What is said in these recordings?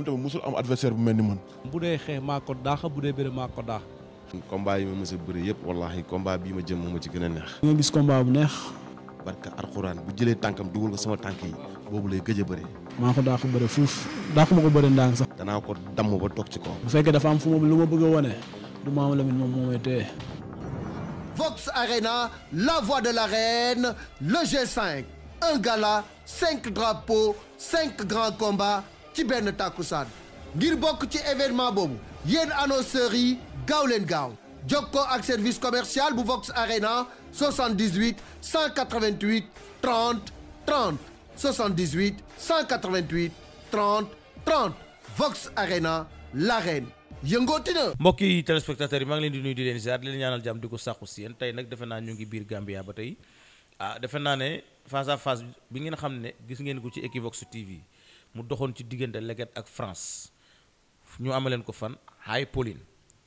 moom tamit mosul am adversaire bu mel ni man. bu dee xeex maa ko daax bu dee bëre maa ko daax. combat yi ma mës a bëri wallaahi combat bii ma jëm moo ma ci gën a neex. nga gis combat bu neex. barka alxuraan bu jëlee tànkam dugal ko sama tànk yi boobu lay gëj a bëri. maa ko daax bëri fuuf daax ko bëri ndànk sax. danaa ko damm ba toog ci kaw. bu fekkee dafa am fu mu lu ma bëgg a du ma am la voix de l'arène le G5 un gala cinq drapeaux cinq ci benn tàkku tàkkusaan ngir bokk ci événement boobu yéen annonceurs yi gaaw leen gaaw jokkoo ak service commercial bu Vox Arena 78 188 30 30 78 188 30 30 Vox Arena l'arène yëngooti na mbokk yi téléspectateurs yi maa ngi leen di nuyu di leen ziar di leen ñaanal jàmm di ko sàqu si tey nag defe naa ñu ngi biir Gambia ba tey ah defe naa ne face à face bi ngeen xam ne gis ngeen ko ci Equivox TV mu doxoon ci diggante Leget ak France ñu amaleen ko fan High Pauline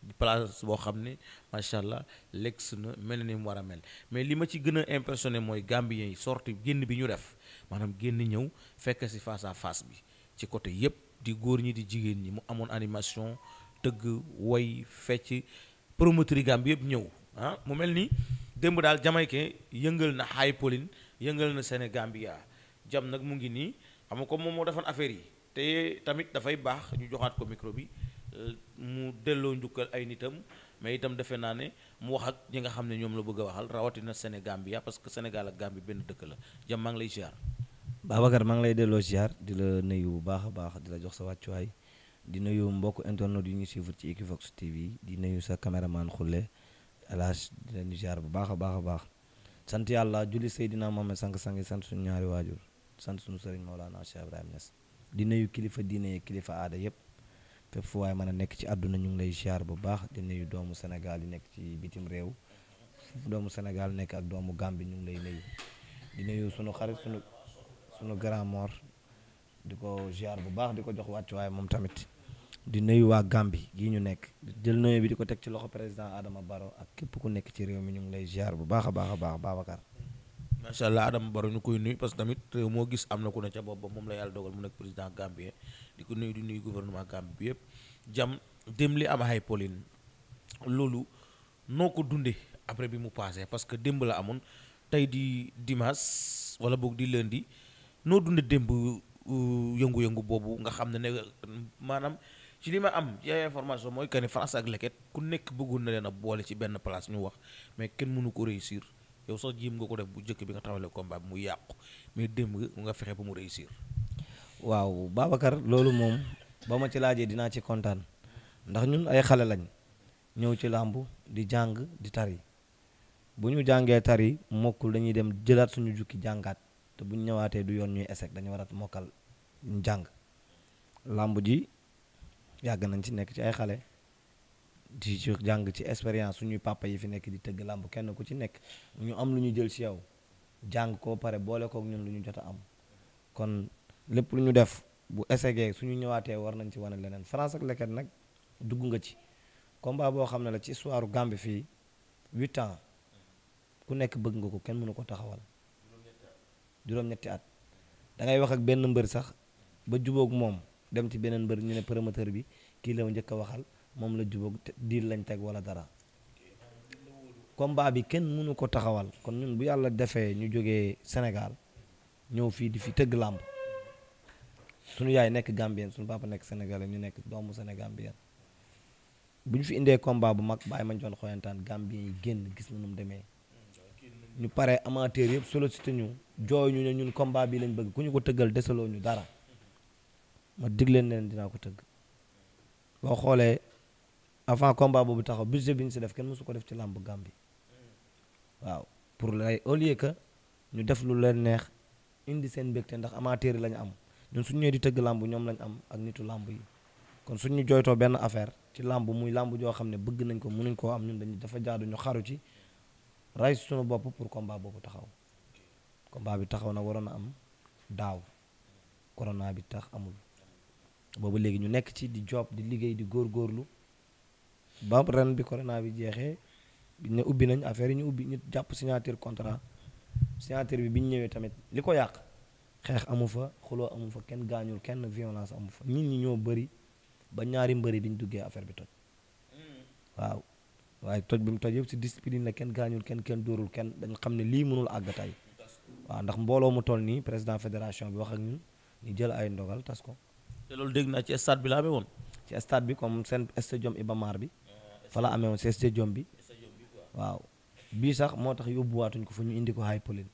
di boo xam ne macha allah legs na mel ni mu war a mel mais li ma ci gën a impressionné mooy Gambien yi sorti génn bi ñu def maanaam génn ñëw fekk si face à face bi ci côté yépp di góor ñi di jigéen ñi mu amoon animation tëgg woy fecc promoteur yi Gambie yëpp ñëw ah mu mel ni démb daal Jamaïcain yëngal na High Pauline yëngal na Sénégambia jam nag mu ngi nii xam nga moom moo defoon affaire yi te tamit dafay baax ñu joxaat ko micro bi euh, mu delloo njukkal ay nitam mais itam defe naa ne mu wax ak ñi nga xam ne ñoom la bëgg waxal rawatina sénégal bi Sénégambia parce que Sénégal ak bi benn dëkk la jàmm maa ngi lay ziar. Babacar maa ngi lay delloo ziar di la nuyu bu baax a baax di la jox sa wàccuwaay di nuyu mbokk internet yu ñu suivre ci Equivox TV di nuyu sa caméraman Khoule Alaaji di la nuyu ziar bu baax a baax a baax sant yàlla julli Seydina Mohamed sang sang sant suñu ñaari waajur. sant suñu sëriñ Mawlana Cheikh Ibrahima Niass di nuyu kilifa diine kilifa aada yëpp fépp fu waaye mën a nekk ci àdduna ñu ngi lay ziar bu baax di nuyu doomu Sénégal yi nekk ci bitim réew doomu Sénégal nekk ak doomu Gambie ñu ngi lay nuyu di nuyu sunu xarit sunu sunu di ko ziar bu baax di ko jox wàccuwaay moom tamit di nuyu waa Gambie gii ñu nekk jël nuyu bi di ko teg ci loxo président Adama Barrow ak képp ku nekk ci réew mi ñu ngi lay ziar bu baax a baax a baax Babacar macha allah Adama Barrow ñu koy nuyu parce que tamit réew moo gis am na ku ne ca bopp ba moom la yàlla dogal mu nekk président Gambien di ko nuyu di nuy gouvernement Gambie bi yëpp jam dem li am ay Pauline loolu noo ko dundee après bi mu passé parce que démb la amoon tey di dimanche wala boog di lundi noo dundee démb euh, yëngu-yëngu boobu nga xam ne ne maanaam ci li ma am ci information mooy que ne France ak leket ku nekk bëggoon na leen a boole ci benn place ñu wax mais kenn mënu ko réussir. yow sax jiim nga ko def bu njëkk bi nga taxawale combat bi mu yàqu mais démb nga fexe ba mu réussir. waaw Babacar loolu moom ba ma ci laajee dinaa ci kontaan ndax ñun ay xale lañ ñëw ci làmb di jàng di tari bu ñu jàngee tari mokkul dañuy dem jëlaat suñu jukki jàngaat te bu ñëwaatee du yoon ñuy échec dañu war a mokkal ñu làmb ji yàgg nañ ci nekk ci ay xale. di jàng ci expérience suñuy papa yi fi nekk di tëgg làmb kenn ku ci nekk ñu am lu ñu jël si yow jàng koo pare boole kook ñun lu ñu jot am kon lépp lu ñu def bu essayé suñu ñëwaatee war nañ ci wane leneen France ak Leket nag dugg nga ci combat boo xam ne la ci histoire Gambie fii huit ans ku nekk bëgg nga ko kenn mënu ko taxawal juróom-ñetti at da ngay wax ak benn mbër sax ba jubóog moom dem ci beneen mbër ñu ne promoteur bi kii la njëkk a waxal moom la jubóog diir lañ teg wala dara combat bi kenn mënu ko taxawal kon ñun bu yàlla defee ñu jógee Sénégal ñëw fii di fi tëgg làmb suñu yaay nekk Gambien suñu papa nekk Sénégalais ñu nekk doomu Sénégambien bu ñu fi indee combat bu mag bàyyi ma joon xoyantaan Gambien yi génn gis na nu mu demee ñu pare amateur yëpp sollicité ñu jooy ñu ne ñun combat bi lañ bëgg ku ñu ko tëggal desaloo ñu dara ma dig leen dinaa ko tëgg boo xoolee avant combat boobu taxaw budget bi ñu si def kenn mësu ko def ci làmb Gàmbi waaw pour lay au lieu que ñu def lu leen neex indi seen mbégte ndax amateur yi la am ñun suñu ñëwee di tëgg làmb ñoom lañu am ak nitu làmb yi kon suñu jooytoo benn affaire ci làmb muy làmb joo xam ne bëgg nañ ko mënuñ koo am ñun dañu dafa jaadu ñu xaru ci ray suñu bopp pour combat boobu taxaw combat bi taxaw na waroon a am daaw corona bi tax amul boobu léegi ñu nekk ci di job di liggéey di góorgóorlu ba ren bi corona bi jeexee ñu ubbi nañ affaire yi ñu ubbi ñu jàpp signature contrat signature bi bi ñu ñëwee tamit li ko yàq xeex amu fa xuloo amu fa kenn gaañul kenn violence amu fa nit ñi ñoo bëri ba ñaari mbëri bi ñu duggee affaire bi toj mm. waaw waaye toj bi mu toj yëpp si discipline la kenn gaañul kenn kenn dóorul kenn dañ xam ne lii mënul àgg tey waaw ndax mbooloo mu toll nii président fédération bi wax ak ñun ñu jël ay ndogal tas ko. te loolu dégg naa ci stade bi laa amee woon. ci stade bi comme seen stadium Iba Mar bi. fa la amee woon si stadium bi waaw bii sax moo tax yóbbu waatuñ ko fa ñu indi ko high Pauline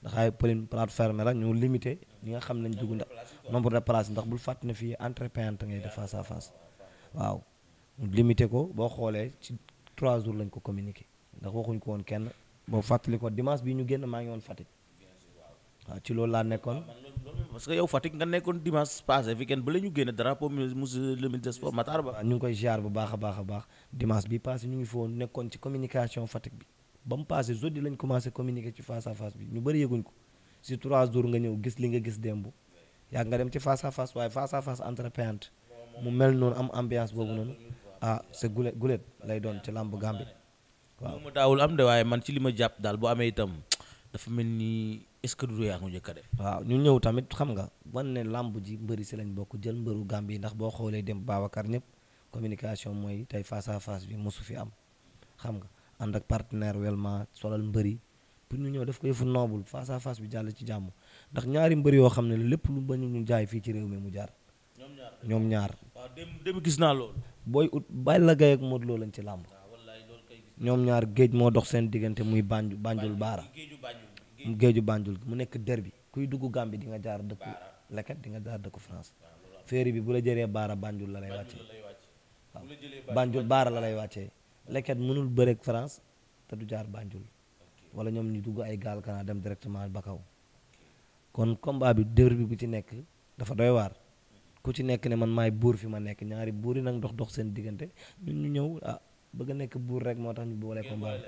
ndax high Pauline plate fermé la ñu limité ñi nga xam nañ dugg ndax nombre de place ndax bul fàtte na fii entreprenant ngay def face à face waaw limité ko boo xoolee ci trois jours lañ ko communiqué ndax waxuñ ko woon kenn boo fàttali ko dimanche bi ñu génn maa ngi woon Fatick waaw ci loolu laa nekkoon. Ah, parce que yow Fatick nga nekkoon dimanche passé weekend ba la génne drapeau monsieur le ministre sport Ba. ñu ngi koy ziar bu baax a baax a baax dimanche bi passé ñu ngi foo nekkoon ci communication Fatick bi ba mu passé jeudi lañ commencé communiquer ci face bi ñu bëri yëguñ ko si trois jours nga ñëw gis li nga gis démb yàgg nga dem ci face à waaye face à face mu mel noonu am ambiance boobu noonu ah c'est ma jàpp daal est ce a def waaw ñu ñëw tamit xam nga wan ne làmb ji mbëri si lañ bokk jël mbëru Gambie ndax boo xoolee dem Babacar ñëpp communication mooy tey face à face bi mosu fi am xam nga ànd ak partenaire welma solal mbëri pour ñu ñëw def ko yëfu noobul face à bi jàll ci jàmm ndax ñaari mbëri yoo xam ne lépp lu bañu ñu jaay fii ci réew mi mu jaar ñoom ñaar waaw dem dem gis naa loolu booy ut Balla Gaye ak Modou Lo lañ ci làmb ñoom ñaar géej moo dox seen diggante muy banju banjul baara géeju Banjul mu nekk der bi kuy dugg Gambie di nga jaar dëkku leket di nga jaar dëkku France féeri bi bu la jëree baara Banjul la lay wàccee waaw Banjul baara la lay wàccee leket mënul bëreeg France te du jaar Banjul wala ñoom ñu dugg ay gaal kana dem directement kaw kon combat bi dër bi bu ci nekk dafa doy waar ku ci nekk ne man maay buur fi ma nekk ñaari buur nag ndox dox seen diggante ñun ñu ñëw ah bëgg nekk buur rek moo tax ñu boole combat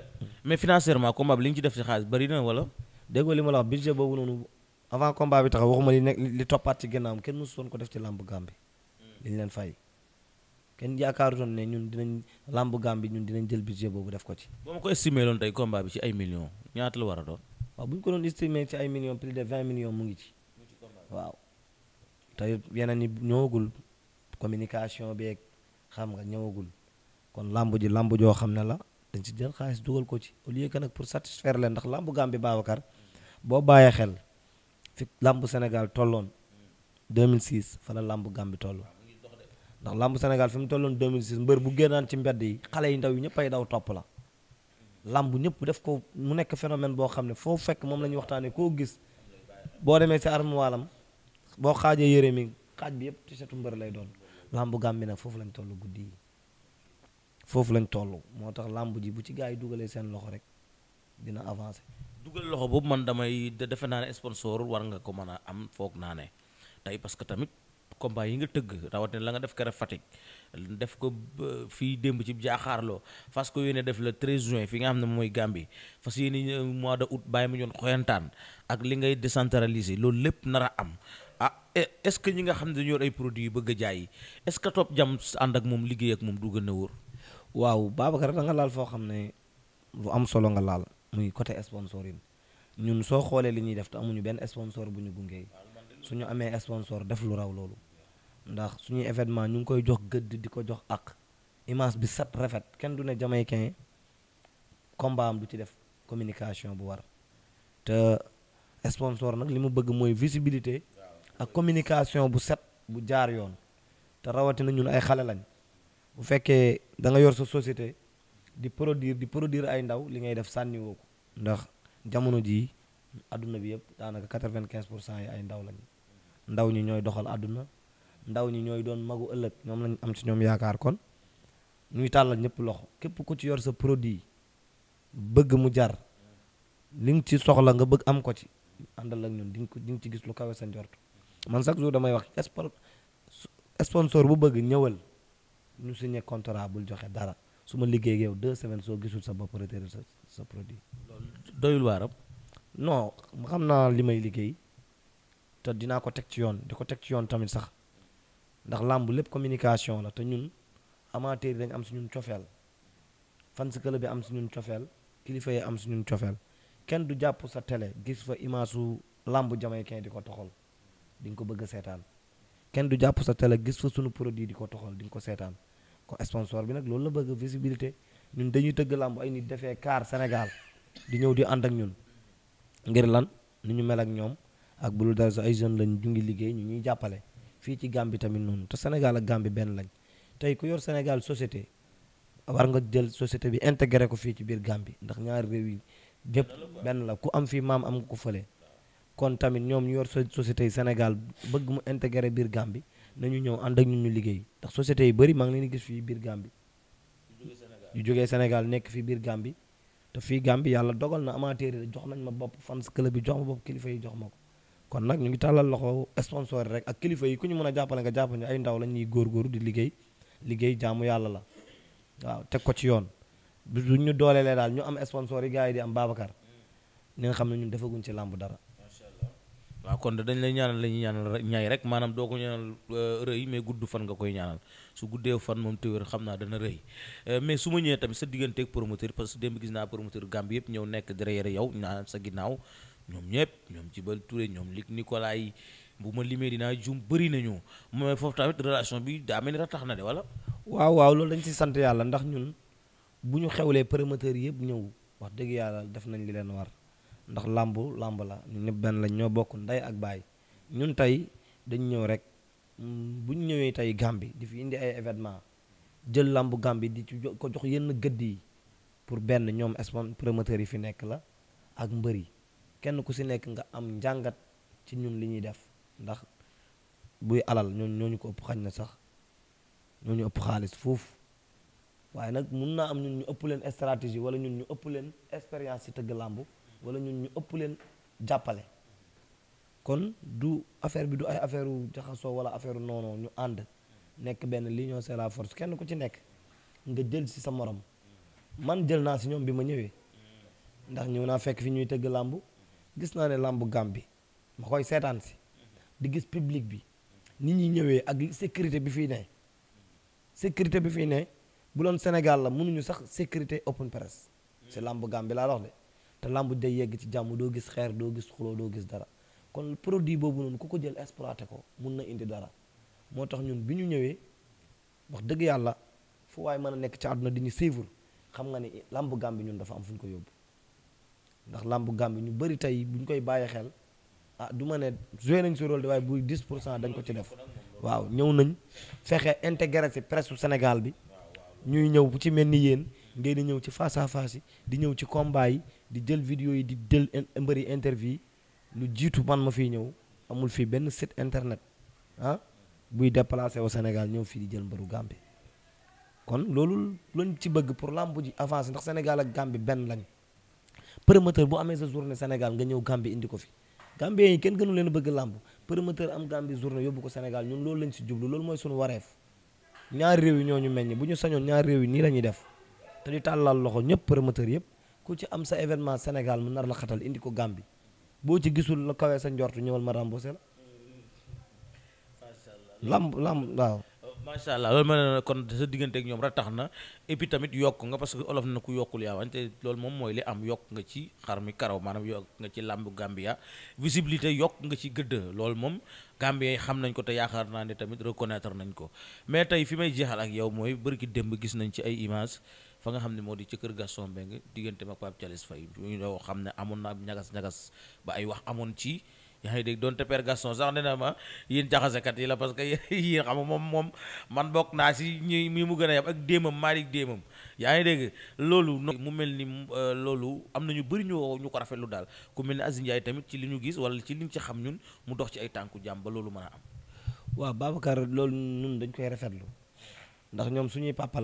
bi déggoo li ma la wax budget boobu noonu avant combat bi taxaw waxuma li nekk li toppaat ci ginnaawam kenn mosu woon ko def ci làmb Gàmbi li ñu leen fay kenn yaakaarutoon ne ñun dinañ làmb Gàmbi ñun dinañ jël budget boobu def ko ci. boo ma ko estimé loon tey bi ci ay millions ñaata la war a doon. waaw bu ñu ko ci ay millions plus de vingt millions mu ngi ci. waaw te yeneen yi ñëwagul communication beeg xam nga ñëwagul kon làmb ji làmb joo xam ne la dañ ci jël xaalis dugal ko ci au lieu que nag pour satisfaire leen ndax làmb Gàmbi Babacar. boo bàyyee xel fi làmb Sénégal tolloon 2006 fa la làmb gàmbi tolloon ndax làmb Sénégal fi mu tolloon 2006 mbër bu génnaan ci mbedd yi xale yi ndaw yi ñëpp ay daw topp la làmb ñëpp def ko mu nekk phénomène boo xam ne foofu fekk moom la ñuy waxtaanee koo gis boo demee si armuwaalam boo xaajee yére mi xaaj bi yëpp tisetu mbër lay doon làmb gàmbi nag foofu lañ toll guddi yi foofu lañ toll moo tax làmb ji bu ci gars yi dugalee seen loxo rek dina avancer dugal loxo boobu man damay defe naa ne sponsor war nga ko mën a am foog naa ne tey parce que tamit combat yi nga tëgg rawatina la nga def keroog Fatick def ko fii démb ci jaaxaarloo fas ko yoone def le 13 juin fi nga xam ne mooy Gambie fas yéene mois de août baay mu ñoon xoyantaan ak li ngay décentraliser loolu lépp nar a am ah e-, est-ce que ñi nga xam ne dañoo ay produit yu bëgg a jaay est-ce que topp jam ànd ak moom liggéey ak moom du gën a wóor. waaw Babacar da nga laal foo xam ne lu am solo nga laal. muy côté sponsoring ñun soo xoolee li ñuy def te amuñu benn sponsor bu ñu gungee su ñu amee sponsor def lu raw loolu ndax suñuy événement ñu ngi koy jox gëdd di ko jox ak image bi sat rafet kenn du ne jamaïcain combat am du ci def communication bu war te sponsor nag li mu bëgg mooy visibilité ak communication bu set bu jaar yoon te rawatina ñun ay xale bu fekkee da nga yor sa société di produire di produire ay ndaw li ngay def sànni woo ko ndax jamono jii àdduna bi yëpp daanaka quatre-vingt-quinze pour cent yi ay ndaw lañu ndaw ñi ñooy doxal àdduna ndaw ñi ñooy doon magu ëllëg ñoom lañ am ci ñoom yaakaar kon ñuy tàllal ñëpp loxo képp ku ci yor sa produit bëgg mu jar li nga ci soxla nga bëgg am ko ci àndal ak ñun di nga ko di nga ci gis lu kawe sa njort man sax jour damay wax sponsor bu bëgg ñëwal ñu signé contrat bul joxe dara. su ma liggéey ak yow deux semaines soo gisul sa bopp retiré sa sa produit. loolu doyul waaram. non xam naa li may liggéey te dinaa ko teg ci yoon di ko teg ci yoon tamit sax ndax làmb lépp communication la te ñun amateur dañ am suñu cofeel fans club bi am suñu cofeel kilifa yi am suñu cofeel kenn du jàpp sa télé gis fa image su làmb jamaïcain di ko toxal di nga ko bëgg a seetaan kenn du jàpp sa télé gis fa suñu produit di ko toxal di nga ko seetaan ko sponsor bi nag loolu la bëgg visibilité ñun dañuy tëgg làmb ay nit defee kaar senegal di ñëw di ànd ak ñun ngir lan nu ñu mel ak ñoom ak bu lu dara sa ay jeunes lañ ñu ngi liggéey ñu ñuy jàppale fii ci Gambie tamit noonu te Sénégal ak Gambie benn lañ tey ku yor Sénégal société war nga jël société bi intégré ko fii ci biir Gambie ndax ñaari réew yi ñëpp benn la ku am fii maam am nga ko fële kon tamit ñoom ñu yor société yi Sénégal bëgg mu intégré biir Gambie nañu ñëw ànd ak ñun ñu liggéey ndax société yu bari maa ngi leen di gis fii biir Gambie yu jógee Sénégal nekk fii biir Gambie te fii Gambie yàlla dogal na amateur yi jox nañ ma bopp fans club bi jox ma bopp kilifa yi jox ma ko kon nag ñu ngi tàllal loxo sponsor rek ak kilifa yi ku ñu mën a jàppale nga jàpp ñu ay ndaw la ñuy góorgóorlu di liggéey liggéey jaamu yàlla la waaw teg ko ci yoon du ñu dooleelee daal ñu am sponsor yi gars yi di am Babacar ñi nga xam ne ñun defaguñ ci làmb dara waaw kon de dañ lay ñaanal la ñuy ñaanal ñay rek maanaam doo ko ñaanal euh, rëy mais gudd fan nga koy ñaanal su guddee fan moom téwér xam naa dana rëy euh, mais su ma ñëwee tamit sa digganteeg promoteur parce que démb gis naa promoteur Gambie yëpp ñëw nekk derrière yow naa sa ginnaaw ñoom ñëpp ñoom Jibal Touré ñoom Luc Nicolas yi bu ma limee dinaa jum bëri nañu mooy foofu tamit relation bi daa mel ni tax na de wala. waaw waaw loolu dañ ci sant yàlla ndax ñun bu ñu xewlee promoteurs yëpp ñëw wax dëgg yàlla def nañ li leen war ndax làmb làmb la ñun ñëpp benn lañ ñoo bokk ndey ak baay ñun tey dañ ñëw rek buñ ñëwee tey Gàmbi di fi indi ay événement jël làmb Gàmbi di ci ko jox yenn gëdd yi pour benn ñoom sponsor promoteurs yi fi nekk la ak mbër yi kenn ku si nekk nga am njàngat ci ñun li ñuy def ndax buy alal ñoo ñooñu ko ëpp xañ na sax ñoo ñu ëpp xaalis foofu waaye nag mun naa am ñun ñu ëpp leen stratégie wala ñun ñu ëpp leen expérience ci tëgg làmbu wala ñun ñu ëpp leen jàppale kon du affaire bi du ay affaire u jaxasoo wala affaire noonoo ñu ànd nekk benn l'union c'est la force kenn ku ci nekk nga jël si sa morom man jël naa si ñoom bi ma ñëwee ndax ñëw naa fekk fi ñuy tëgg làmb gis naa ne làmb gàm bi ma koy seetaan si di gis public bi nit ñi ñëwee ak sécurité bi fii ne sécurité bi fii ne bu loon Sénégal la mënuñu sax sécurité open press si làmb gàm bi laa dox de te làmb day yegg ci jàmm doo gis xeer doo gis xuloo doo gis dara kon produit boobu noonu ku ko jël exploité ko mun na indi dara moo tax ñun bi ñu ñëwee wax dëgg yàlla fu waaye mën a nekk ci àdduna di ñu suivre xam nga ni làmb Gàmbi ñun dafa am fu ñu ko yóbbu ndax làmb Gàmbi ñu bëri tey bu koy bàyyi xel ah du ma ne joué nañ si rôle de waaye buy 10 pour cent dañ ko ci def waaw ñëw nañ fexe intégré si presse Sénégal bi ñuy ñëw bu ci mel ni yéen ngeen di ñëw ci face à face yi di ñëw ci combat yi di jël vidéo yi di jël mbëri interview lu jiitu man ma fiy ñëw amul fii benn site internet ah buy déplacé au Sénégal ñëw fii di jël mbëru Gambie kon loolu lañ ci bëgg pour làmb ji avancé ndax Sénégal ak Gambie benn lañ promoteur bu amee sa journée senegal nga ñëw Gambie indi ko fi Gambien yi kenn gënu leen bëgg làmb promoteur am Gambie journée yóbbu ko senegal ñun loolu lañ ci jublu loolu mooy suñu wareef ñaari réew yi ñoo ñu meññ bu ñu sañoon ñaari réew yi nii la ñuy def te di tàllal loxo ñëpp promoteur yëpp. ku ci am sa événement Sénégal mu nar la xatal indi ko Gambie boo ci gisul la kawee sa njortu ñëwal ma remboursé la. lamb lamb waaw. macha allah loolu ma ne kon sa diggante ak ñoom ratax na et puis tamit yokk nga parce que olof na ku yokkul yaa wante loolu moom mooy li am yokk nga ci xar mi karaw maanaam yokk nga ci làmbu Gambia visibilité yokk nga ci gëdd lool moom Gambien yi xam nañ ko te yaakaar naa ne tamit reconnaître nañ ko mais tey fi may jeexal ak fa nga xam ne moo di ci kër Gaston Mbengue diggante ma Pape Thialis Faye ñu doo xam ne amoon na ab ñagas-ñagas ba ay wax amoon ci yaa ngi dégg doonte père Gaston sax nee na ma yéen jaxasekat yi la parce que yéen xam moom moom man bokk naa si ñi mi mu gën a yab ak déemam Malick déemam yaa ngi dégg loolu mu mel ni euh, loolu am na ñu bëri ñu ñu ko rafetlu daal ku mel ni Aziz Ndiaye tamit ci li ñu gis wala ci liñ ci xam ñun mu dox ci ay tànku jàmm ba loolu mën a am waaw Babacar loolu ñun dañ koy rafetlu ndax ñoom suñuy papa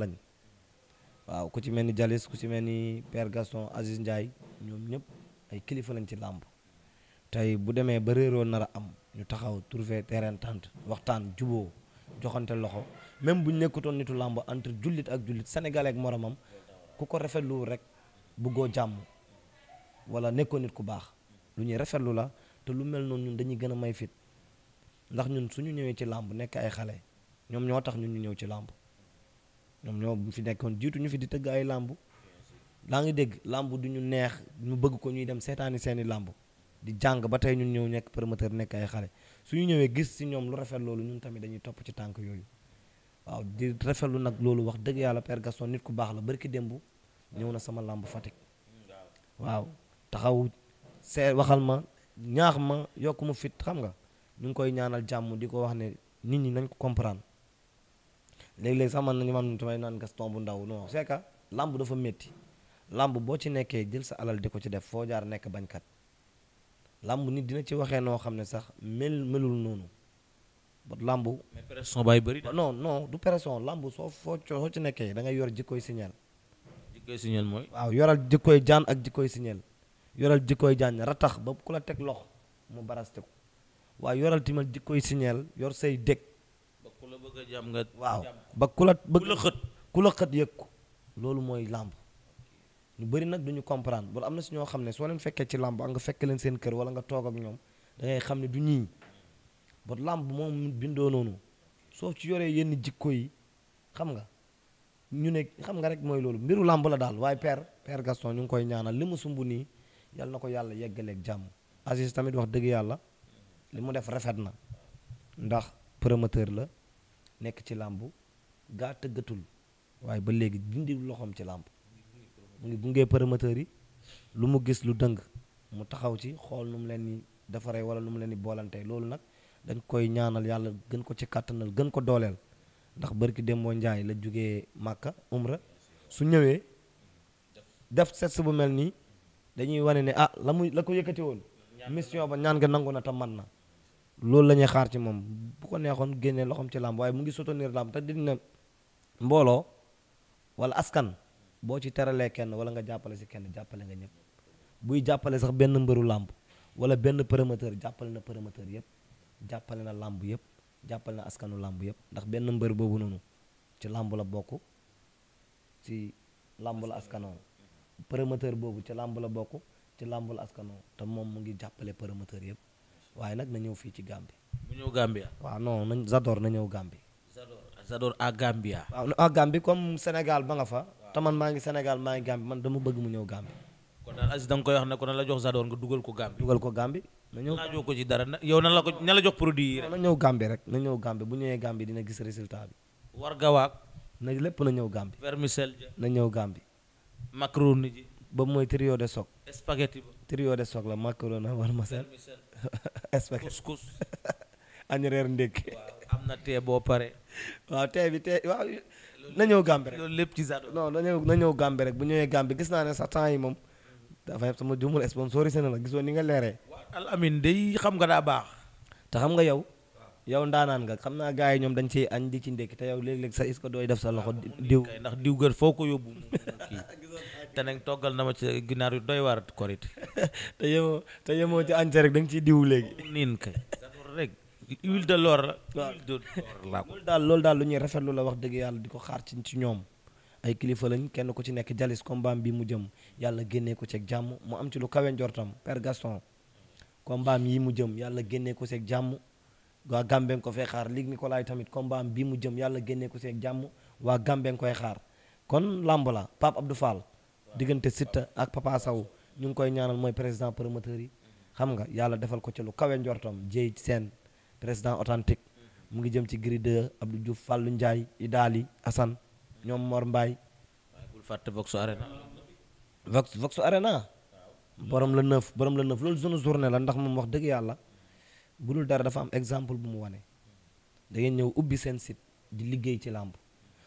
waaw ku ci mel ni Jalis ku ci mel ni Père Gaston Aziz Ndiaye ñoom ñëpp ay kilifa lañ ci làmb tey bu demee ba réeroo nar a am ñu taxaw trouver terrain d'entente waxtaan juboo joxante loxo même bu ñu nekkutoon làmb entre jullit ak jullit sénégalais ak moromam ku ko rafetlu rek buggoo jàmm wala nekkoo nit ku baax lu ñuy rafetlu la te lu mel noonu ñun dañuy gën a may fit ndax ñun suñu ñëwee ci làmb nekk ay xale ñoom ñoo tax ñun ñu ñëw ci làmb ñoom ñoo fi nekkoon jiitu ñu fi di tëgg ay làmb daa ngi dégg làmb du ñu neex ñu bëgg ko ñuy dem seetaani seeni làmb di jàng ba tey ñun ñëw nekk promoteur nekk ay xale su ñu ñëwee gis si ñoom lu rafet loolu ñun tamit dañuy topp ci tànk yooyu waaw di rafetlu nag loolu wax dëgg yàlla Père Gaston nit ku baax la ki démb ñëw na sama làmb Fatick waaw taxaw see waxal ma ñaax ma yokk mu fit xam nga ñu ngi koy ñaanal jàmm di ko wax ne nit ñi nañ ko comprendre léegi-léegi sax man nañu ma am damay naan Gaston bu ndaw non c'est làmb dafa métti làmb boo ci nekkee jël sa alal di ko ci def foo jaar nekk bañkat làmb nit dina ci waxee noo xam ne sax mel melul noonu làmb mais pression baay bëri non non du pression làmb soo foo ci nekkee da yor jikkoy signal jikkoy mooy waaw yoral jikkoy jaan ak jikkoy signal yoral jikkoy jaan ratax ba ku la teg lox mu baraste ko waaye yoral timal jikkoy signal yor say dëkk ku la bëgg a jam nga waaw ba ku la bëgg ku la xët ku la xët yëg ko loolu mooy làmb ñu bari nag duñu comprendre loolu am na si ñoo xam ne soo leen fekkee ci làmb nga fekk leen seen kër wala nga toog ak ñoom da xam ne du ñii ba làmb moom bindoo noonu soo ci yoree yenn jikko yi xam nga ñu nekk xam nga rek mooy loolu mbiru làmb la daal waaye per per Gaston ñu ngi koy ñaanal li mu sumb nii yal na ko yàlla yeggaleek jàmm. Aziz tamit wax dëgg yàlla li mu def rafet na nekk ci làmb gaa tëggatul waaye ba léegi dindi loxoom ci làmb mu ngi gunge promoteur yi lu mu gis lu dëng mu taxaw ci xool nu mu leen ni defaree wala lu mu leen ni boolantee loolu nag dañ koy ñaanal yàlla gën ko ci kàttanal gën ko dooleel ndax barki Dembo Njaay la jógee Màkka umra su ñëwee def sets bu mel nii dañuy wane ne ah la muy la ko yëkkati woon mission ba ñaan nga nangu na te man na loolu la ñuy xaar ci moom bu ko neexoon génnee loxoom ci làmb waaye mu ngi soutenir làmb te na mbooloo wala askan boo ci teralee kenn wala nga jàppale si kenn jàppale nga ñëpp buy jàppale sax benn mbëru làmb wala benn promoteur jàppale na promoteur yëpp jàppale na làmb yëpp jàppale na askanu làmb yëpp ndax benn mbër boobu noonu ci làmb la bokk ci làmb la askanoo promoteur boobu ci làmb la bokk ci làmb la askanoo te moom mu ngi jàppale promoteur yëpp waaye nag na ñëw fii ci Gambie. mu ñëw Gambia. waaw non nañ Zador na ñëw Gambie. Zador Zador à Gambia. waaw à ah, Gambie comme Sénégal ba nga fa. te man maa ngi Sénégal maa ngi Gambie man dama bëgg mu ñëw Gambie. kon daal Aziz da na la jox Zador nga dugal ko Gambie. dugal ko Gambie. na ñëw jox ko ci dara yow na la ko na la jox produit yi rek. na ñëw Gambie rek na ñëw Gambie bu ñëwee Gambie dina gis résultat bi. war gawaak. na lépp na ñëw Gambie. vermicelle na ñëw Gambie. macaroni ji. ba mooy trio de soc. spaghetti trio de soc la macaroni war ma sel. expecté couscous añ reer ndékki am na tee boo pare waaw tee bi te waaw na ñëw gàmbi rek lépp ci Zado non na na ñëw gàmbi bu ñëwee gàmbi gis naa ne sax yi moom dafa sama jumul sponsorisé na la gisoo ni nga leeree al amin day xam nga daa baax te xam nga yow yow ndaanaan nga xam naa gaa yi ñoom dañ ciy añ di ci ndékki te yow léeg-léeg sa is dooy def sa loxo diw ndax diw gër foo ko yóbbu te nag toggal na ma ci ginaar yu doy waar korite te yemoo te yemoo ci añ rek da nga diw léegi. niin kay rek la. loolu daal loolu daal lu ñuy rafetlu la wax dëgg yàlla di ko xaar ci ci ñoom. ay kilifa lañ kenn ku ci nekk jalis combat bi mu jëm yàlla génnee ko ceeg jàmm mu am ci lu kawe njortam Père Gaston yi mu jëm yàlla génnee ko ceeg jàmm. waa Gambey ko fee xaar Ligue Nicolas tamit combat bi mu jëm yàlla génnee ko seeg jàmm waa Gambey koy xaar kon làmb la Pape Abdou Fall. diggante Siteu ak Papa ñu ngi koy ñaanal mooy président promoteur yi xam nga yàlla defal ko ci lu kawe njortam Dieye seen président authentique mu ngi jëm ci Gris 2 Abdou Diouf Fallou Ndiaye Idali Assane ñoom Mor Mbaye bul fàtte Vox Arena Vox Vox Arena borom la neuf borom la neuf loolu zone journée la ndax moom wax dëgg yàlla bulul dara dafa am exemple bu mu wane da ngeen ñëw ubbi seen sit di liggéey ci làmb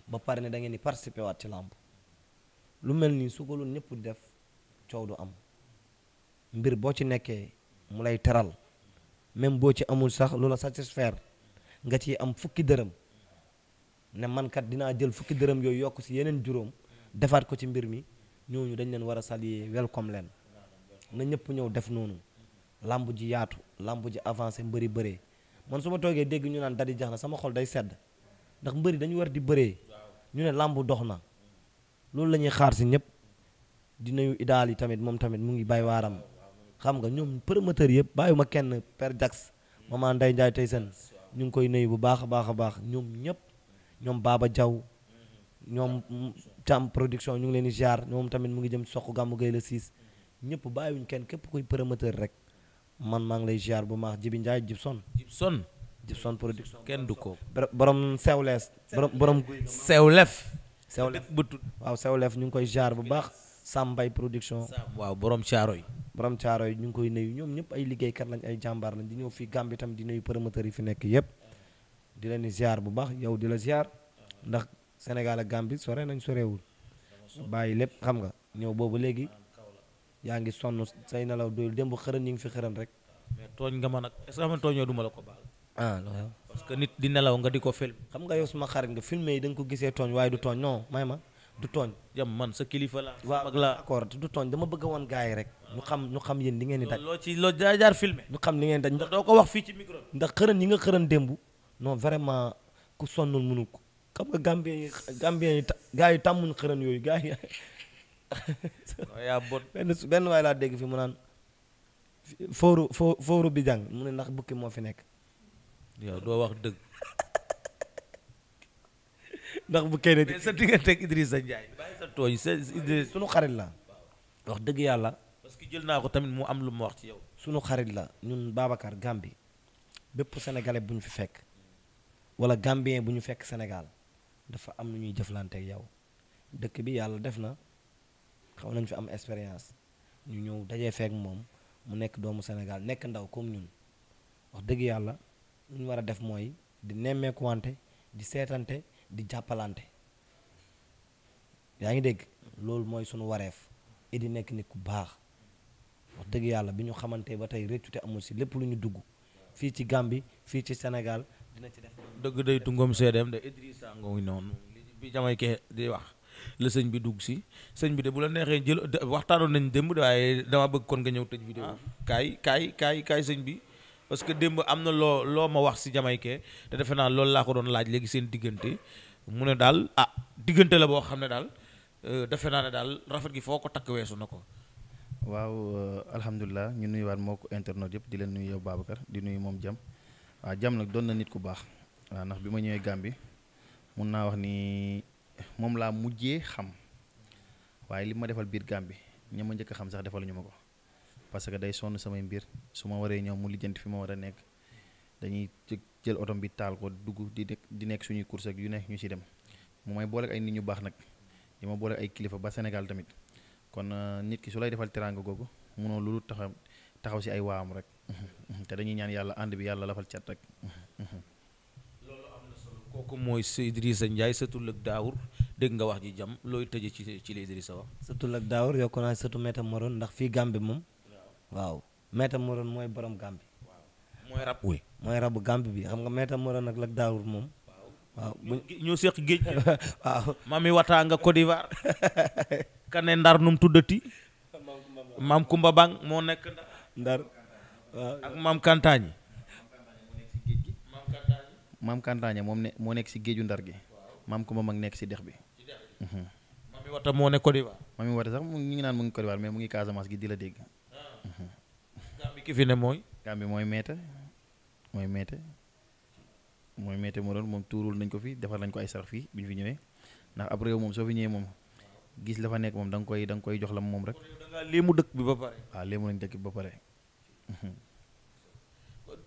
ba pare ne da ngeen di participer waat ci làmb lu mel nii su ko loolu ñëpp def coow du am mbir boo ci nekkee mu lay teral même boo ci amul sax lu la satisfaire nga ciy am fukki dërëm ne mankat kat dinaa jël fukki dërëm yooyu yokk ci yeneen juróom defaat ko ci mbir mi ñooñu dañ leen war a saluer welcome leen na ñëpp ñëw def noonu làmb ji yaatu làmb ji avancé mbëri bëree man su ma toogee dégg ñu naan dadi jax na sama xol day sedd ndax mbëri dañu war di bëree ñu ne làmb dox na loolu la ñuy xaar si ñëpp di nuyu idaal yi tamit moom tamit mu ngi bay waaram xam nga ñoom promoteur yëpp ma kenn per Jax maman Ndeye Ndiaye tey seen ñu ngi koy nuyu bu baax a baax a baax ñoom ñëpp ñoom Baba jaw ñoom Thiam production ñu ngi leen di ziar ñoom tamit mu ngi jëm soq gàmmu gay la siis ñëpp bàyyiwuñ kenn képp kuy promoteur rek man maa ngi lay ziar bu maax Jibi Ndiaye Jibson. Jibson Jibson production kenn du ko. borom sewlees borom sewlef bëttul waaw sewlef ñu ngi koy jaar bu baax sàmbay production waaw borom caaro yi borom caaro yi ñu ngi koy nuyu ñoom ñëpp ay liggéeykat lañ ay jàmbaar lañ di ñëw fii Gàmbi tam di nuyu promoteurs yi fi nekk yëpp di leen di ziar bu baax yow di la ziar ndax Sénégal ak Gàmbi sore nañ sorewul bàyyi lépp xam nga ñëw boobu léegi yaa ngi sonn say nelaw doyul démb xërën ñu ngi fi xërën rek mais tooñ nga ma nag est-ce que duma la ko baal ah parce que nit di nelaw nga di ko film. xam nga yow suma xarit nga filmé yi da nga ko gisee tooñ waaye du tooñ non may ma du tooñ. jam man sa kilifa la. waaw d'accord du tooñ dama bëgg a woon gars yi rek. ñu xam ñu xam yéen li ngeen di daj. loo ci loo jaar filmé. ñu xam li ngeen daj ndax doo ko wax fii ci micro ndax xërën yi nga xërën démb. non vraiment ku sonnul mënu ko. xam nga Gambien yi Gambien yi gars yi xërën yooyu gars yi. yaa bon benn benn waay laa dégg fi mu fooru fooru bi jàng mu ne ndax bukki moo fi nekk yow doo wax dëgg ndax bu kenn mais sa digganteeg Idrissa Ndiaye bàyyi sunu xarit la wax dëgg yàlla parce que jël naa ko tamit mu am lu mu wax ci yow sunu xarit la ñun Babacar Gambie bépp sénégalais bu ñu fi fekk wala gambien bu ñu fekk Sénégal dafa am lu ñuy jëflanteeg yow dëkk bi yàlla def na xaw nañ fi am expérience ñu ñëw dajee feek moom mu nekk doomu Sénégal nekk ndaw comme ñun wax dëgg yàlla lu ñu war a def mooy di nemmeekuwante di seetante di jàppalante yaa ngi dégg loolu mooy sunu wareef idi nekk nit ku baax wax dëgg yàlla bi ñu xamante ba tey rëccute amul si lépp lu ñu dugg fii ci Gambie fii ci Sénégal dina ci def dëgg day tungoom seedeem de noonu bi jamay kee wax la sëñ bi dugg si sëñ bi de bu la neexee jël waxtaanoon nañ démb waaye dama bëgg kon nga ñëw tëj vidéo ah. kaay kaay kaay kaay sëñ bi parce que démb am na loo loo ma wax si jamayke te defe naa loolu laa ko doon laaj léegi seen diggante mu ne daal ah diggante la boo xam ne daal euh, defe naa ne daal rafet gi foo ko takk weesu na ko. waaw euh, alhamdulilah ñu nuyuwaat moo ko internet yëpp di leen nuyu yow Babacar di nuyu moom jam waaw jam nag doon na nit ku baax waaw ndax bi ma ñëwee Gambie mun naa wax ni moom laa mujjee xam waaye li ma defal biir Gambie ña ma njëkk xam sax defal ñu ma ko. parce que day sonn samay mbir su ma waree ñëw mu lijjanti fi ma war a nekk dañuy jël otom bi taal ko dugg di di nekk suñuy course ak yu ne ñu ci dem mu may boole ay nit ñu baax nag di ma boole ay kilifa ba Sénégal tamit kon euh, nit ki su lay defal teraanga googu munoo loolu taxaw taxaw ci ay waam rek te dañuy ñaan yàlla ànd bi yàlla lafal cat rek. loolu am na solo sa mooy Idrissa ak Daawur dégg nga wax ji jam looy tëjee ci ci li sa wax. sëtul ak Daawur yokk naa sëtu fii Gambie moom. waaw Maître Moron mooy boroom Gàmbi. mooy rab wi mooy rabu Gàmbi bi xam nga Maître Moron nag Lac Daawur moom. waaw ñoo seq géej waaw mami wataa nga Côte kane ndar num tuddati maam Kumba Bang moo nekk ndar waaw ak maam Kantañi maam Kantañi moom ne moo nekk si géeju ndar gi maam Kumba Bang nekk si dex bi mhm. mami wata moo nekk Côte d'Ivoire mami wata sax mu ngi naan mu ngi Côte mais mu ngi Casamance gi di la dégg Gàmbi ki fi ne mooy. Gàmbi mooy meete mooy meete mooy moo doon moom tuurul nañ ko fi defar nañ ko ay sarax fii bi ñu fi ñëwee ndax ab réew moom soo fi ñëwee moom gis la fa nekk moom danga koy danga koy jox la moom rek. da léemu dëkk bi ba pare. waaw mhm.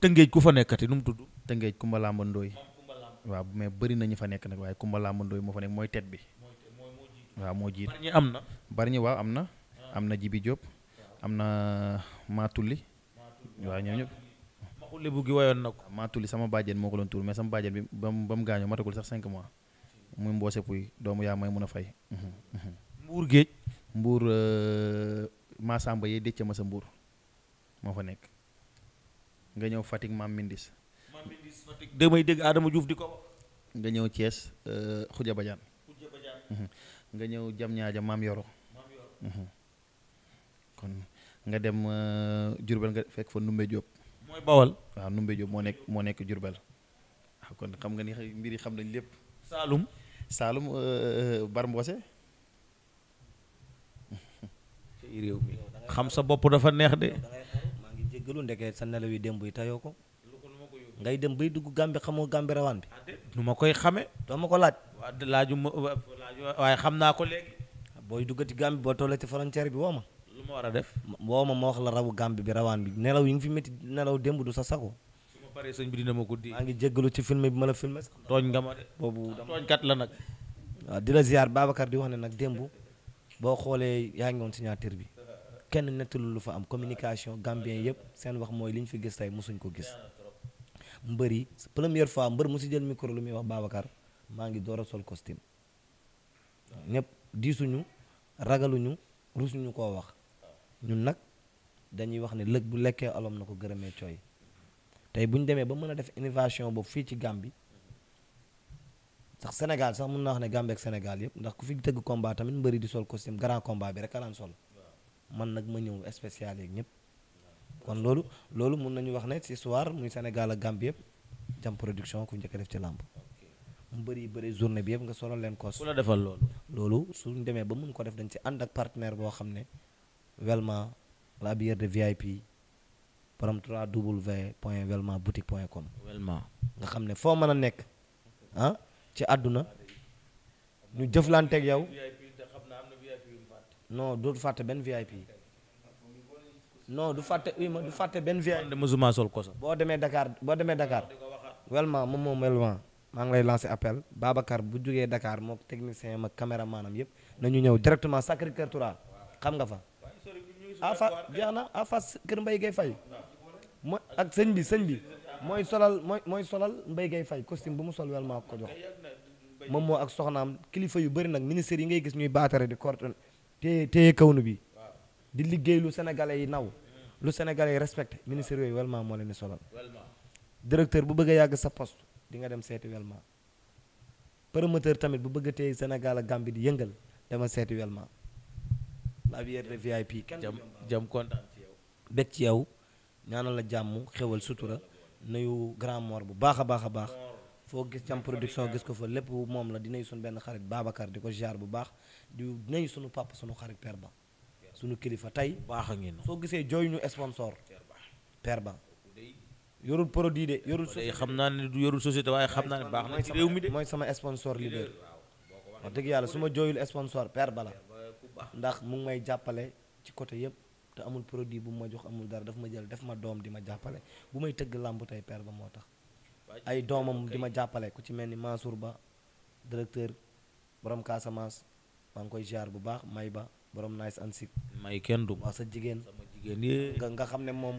tëngéej ku fa nekkati nu mu tudd. tëngéej Kumba Lamba Ndooy. waaw mais bëri na ñu fa nekk nag waaye Kumba làmbandooy Ndooy moo fa nekk mooy tet bi. waaw moo jiit bari ñi na. waaw am na. Ah. am na Jibi Diop. am na Maatulli. waaw ñoom ñëpp. Maxulli bu gi wayoon na ko. Ah, Maatulli sama bàjjen moo ko doon tuur mais sama bàjjen bi ba mu ba mu gaañoo matagul sax 5 mois. muy mboose puy doomu yaa may mun a fay. Mhm, mhm. mbuur géej. mbuur euh, Massamba yee dëcc ma sa mbuur moo fa nekk. nga ñëw Fatick maam Mindis. maam damay dégg Adama Diouf di ko. nga ñëw cees euh, Khoudia Badiane. Khoudia Badiane. Mhm. nga ñëw Jam ñaaja maam Yoro. nga dem Jurbel euh, nga fekk fa Numbe Diop. mooy Bawal. waaw Numbe Diop moo nekk moo nekk Jurbel ah, kon xam nga ni mbir yi xam nañ lépp. Saalum. Saalum euh, euh, Bar réew mi xam sa bopp dafa neex de. maa ngi jéggalu ndeke sa nelaw yi démb yi tayoo ko. ngay dem bay dugg Gàmbi xamoo Gàmbi rawaan bi. nu ah, ma koy xame doo ma ko laaj. waa laaju ma waaye xam naa ko léegi. booy duggati Gàmbi boo tollee ci frontière bi woo ma. lu ma war a def woo ma ma wax la rabu gàmbi bi rawaan bi nelaw yi nga fi métti nelaw démb du sa sago bi dina ma maa ngi jéggalu ci filmé bi ma la filmé sax tooñ nga ma de ah, tooñ kat la nag waaw di la ziar Babacar di wax ne nag démb boo xoolee yaa ngi woon signature bi kenn nettalu lu fa am communication gambien yëpp seen wax mooy li ñu fi gis tey mosuñ ko gis mbër yi première fois mbër mu si jël micro lu muy wax Babacar maa ngi door a sol costume ñëpp diisuñu ragaluñu rusuñu koo wax ñun nag dañuy wax ne lëg bu lekkee aloom na ko gërëmee cooy tey bu ñu demee ba mën a def innovation boobu fii ci Gambie sax Sénégal sax mun naa wax ne Gambie ak Sénégal yëpp ndax ku fi tëgg combat tamit mbëri di sol costume grand combat bi rek alaan sol man nag ma ñëw spécial yeeg ñëpp kon loolu loolu mun nañu wax ne ci soir muy Sénégal ak yëpp jam production ku njëkk def ci làmb mu bëri bëri journée bi yëpp nga solo leen ko. ku la defal loolu. loolu suñu demee ba mun ko def dañ ci ànd ak partenaire boo xam ne. Velma la bière de VIP borom 3W point Velma boutique point com. Velma nga xam ne foo mën a nekk ah ci àdduna ñu jëflanteeg yow. no du fàtte benn VIP. no du fàtte oui ma du fàtte benn VIP. musuma sol kosa. boo demee dakaar boo demee Dakar. Velma moom moom Velma. maa ngi lay lancé appel Babacar bu jógee dakaar moo technicien ma caméramanam yëpp nañu ñëw directement Sacré-Cœur xam nga fa. en face jeex na en face kër Mbaye Gueye Faye mooy ak sëñ bi sëñ bi mooy solal mooy mooy solal Mbaye Gueye Faye costume bu mu sol wel maa ko jox moom moo ak soxnaam kilifa yu bëri nag ministère yi ngay gis ñuy baatare di coordonné téye téye kawnu bi di liggéey lu sénégalais yi naw lu sénégalais yi respecté ministère yooyu Welma moo leen di solal directeur bu bëgg yàgg sa post di nga dem seeti Welma promoteur tamit bu bëgg a téye Sénégal ak Gambie di yëngal dama seeti Welma la vierge VIP kenn jam jam kontaan ci yow ci yow ñaanal la jàmm xewal sutura nuyu grand mor bu baax a baax a baax foo gis cam production gis ko fa lépp moom la dinañ suñ benn xarit Babacar di ko ziar bu baax di dinañ suñu papa suñu xarit Père Ba suñu kilifa tey baax a ngi soo gisee jooy ñu sponsor Père Ba yorul produit de yorul société xam naa ne du yorul société waaye xam naa ne baax na ci réew mooy sama sponsor leader wax dëgg yàlla su ma jooyul sponsor Père ndax mu ngi may jàppale ci côté yëpp te amul produit bu mu ma jox amul dara daf ma jël def ma doom di ma jàppale bu may tëgg làmb tey père ba moo tax ay doomam di ma jàppale ku ci mel ni Mansour Ba directeur borom Casamance maa ngi koy ziar bu baax may ba borom nice and sick may kenn du wax sa jigéen sama jigéen yi nga xam ne moom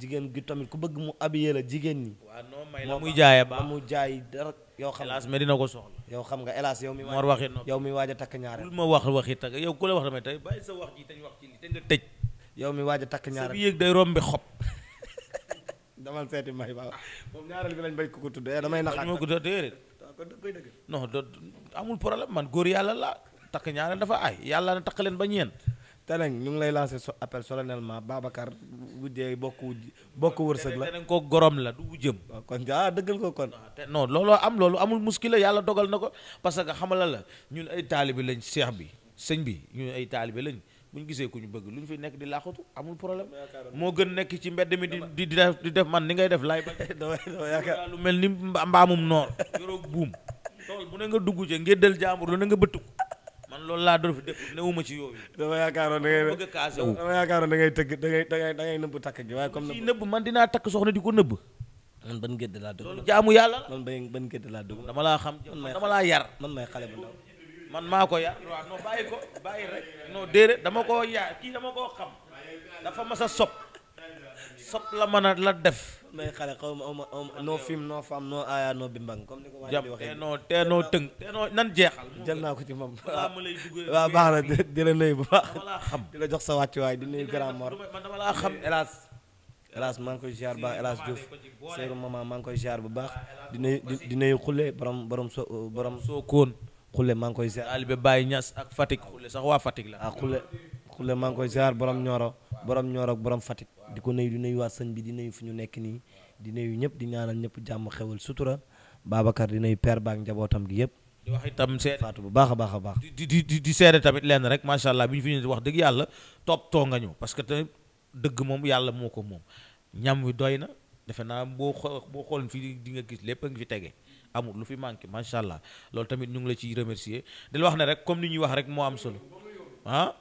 jigéen gi tamit ku bëgg mu ab habillé la jigéen ñi waaw non may muy jaayee ba mu jaay dara yoo xam ne dina ko soxla yow xam nga hélas yow mi Mor waxi noonu yow mi waaj a takk ñaareel wax waxi wax damay tey bàyyi sa wax ji te ñu te yow mi waaj a takk ñaareel sa bi yëg damal seeti may ba moom ñaareel bi lañ bañ ko ko tudd damay naxaat ma ko tudd déedéet non do amul problème man góor yàlla la takk ñaareel dafa aay yàlla na takk leen ba ñeent te ñu ngi lay lancer appel solennellement Babacar bu dee bokku bokku wërsëg la ko gorom la du jëm. kon ah dëggal ko kon. te looloo am loolu amul muskila yàlla dogal na ko parce xamala la ñun ay taalibe lañ seex bi sëñ bi ñun ay taalibe lañ bu gisee ku ñu bëgg lu ñu fi nekk di laaxatu amul problème moo gën nekk ci mbedd mi di di def di def man ni ngay def laay ba yaakaar lu mel ni mbaamum noor yoroo buum tool ne nga dugg ca ngéddal jaambur lu ne nga bëtt loolu laa doon fi def newuma ci yooyu. dama yaakaaroon da ngay bëgg a kaase wu dama yaakaaroon da ngay tëgg da ngay da ngay da ngay nëbb takk gi waaye comme nëbb man dinaa takk soxna di ko nëbb man ban gédd laa dugg jaamu yàlla la man ban ban gédd laa dugg dama laa xam dama laa yar man may xale bu ndaw man maa ko yar noo bàyyi déedéet dama koo yar kii dama koo xam dafa mas a sob sopp la mën a la def. mais ma noo film noo femme noo aaya noo bimbang comme ni ko waa nan jeexal. jël naa ko ci moom waaw baax na di la bu baax. di la jox sa wàccuwaay di nuyu grand mor. man xam hélas. hélas maa ngi koy ziar bu baax hélas Diouf Seydou maman maa ngi koy ziar bu baax di nuyu di nuyu xulle borom borom so borom soo koon xulle maa ngi koy ziar. Aliou Baye ak Fatick xulle sax waa Fatick la. ah xulle xulle koy ziar borom Nioro borom Nioro borom Fatick. di ko nuyu di nuyu waa sëñ bi di nuyu fu ñu nekk nii di nuyu ñëpp di ñaanal ñëpp jàmm xewal sutura Babacar dinay nuyu père baak njabootam gi yëpp. di wax itam seede faatu bu baax a baax a baax. di di di di seede tamit lenn rek macha allah bi ñu fi ñu wax dëgg yàlla topp too nga ñu parce que tamit dëgg moom yàlla moo ko moom ñam wi doy na defe naa boo xoo boo xool fii di nga gis lépp a ngi fi tege. amul lu fi manqué macha allah loolu tamit ñu ngi la ciy remercier di la wax ne rek comme ni ñuy wax rek moo am solo ah?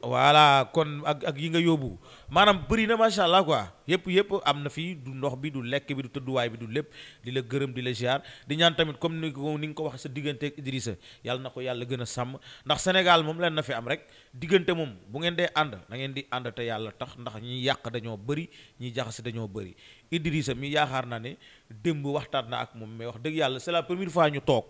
voilà kon ak ak yi nga yóbbu maanaam bëri na macha allah quoi yëpp yëpp am na fi du ndox bi du lekk bi du tëdduwaay bi du lépp di la gërëm di la ziar di ñaan tamit comme ni ko ni nga ko wax sa diggante ak Idrissa na ko yàlla gën a sàmm ndax Sénégal moom leen na fi am rek diggante moom bu ngeen dee ànd na ngeen di ànd te yàlla tax ndax ñi yàq dañoo bëri ñi jaxase dañoo bëri Idrissa mi yaakaar naa ne démb waxtaan na ak moom mais wax dëgg yàlla c'est la première fois ñu toog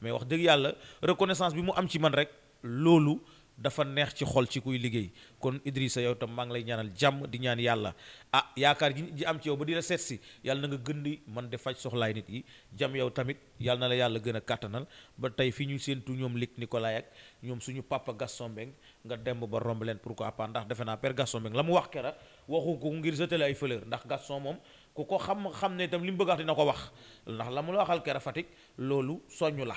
mais wax dëgg yàlla reconnaissance bi mu am ci man rek loolu dafa neex ci xol ci kuy liggéey kon Idrissa yow tam maa ngi lay ñaanal jàmm di ñaan yàlla ah yaakaar ji am ci yow ba di la seet si yàlla na nga gën di man di faj soxlaay nit yi jàmm yow tamit yàlla na la yàlla gën a kàttanal ba tey fi ñu séentu ñoom Luc Nicolaï ak ñoom suñu papa Gaston Mbengue nga demb ba romb leen pourquoi pas ndax defe naa père Gaston Mbengue la mu wax kera waxu ko ngir jëtale ay fleur ndax Gaston moom ku ko xam xam ne itam li mu bëgg a dina ko wax ndax la mu la waxal kera Fatick loolu soññu la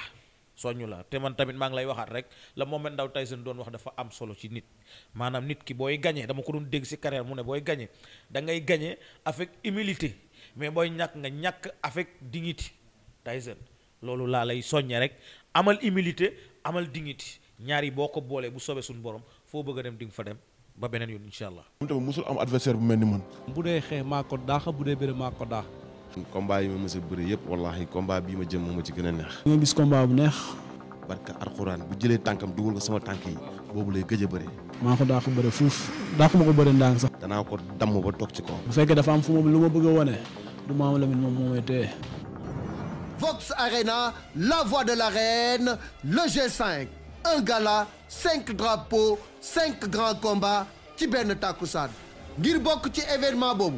soññu la te man tamit maa ngi lay waxaat rek la Mohamed Ndao Tyson doon wax dafa am solo ci nit maanaam nit ki booy gañee dama ko doon dégg si carrière mu ne booy gagné da ngay gagné avec humilité mais booy ñàkk nga ñàkk avec dignité Tyson loolu laa lay soññe rek amal humilité amal dignité ñaar yi boo ko boolee bu soobee suñu borom foo bëgg a dem di nga fa dem ba beneen yoon incha allah. moom tamit musul am adversaire bu mel ni man. bu dee xeex maa ko daax bu dee bëre maa combat yi ma mës a bëri yëpp wallaahi combat bii ma jëm moo ma ci gën neex. di nga gis combat bu neex. barka alxuraan bu jëlee tànkam dugal ko sama tànk yi boobu lay gëj a bëri. maa ko daa ko bëri fuuf daa ko ma ko bëri ndànk sax. danaa ko damm ba toog ci kaw. bu fekkee dafa am fu ma lu ma bëgg a wane du maam Lamine moom la voix de l'arène le G5 un cinq drapeaux cinq ci benn takkusaan ngir bokk ci événement boobu.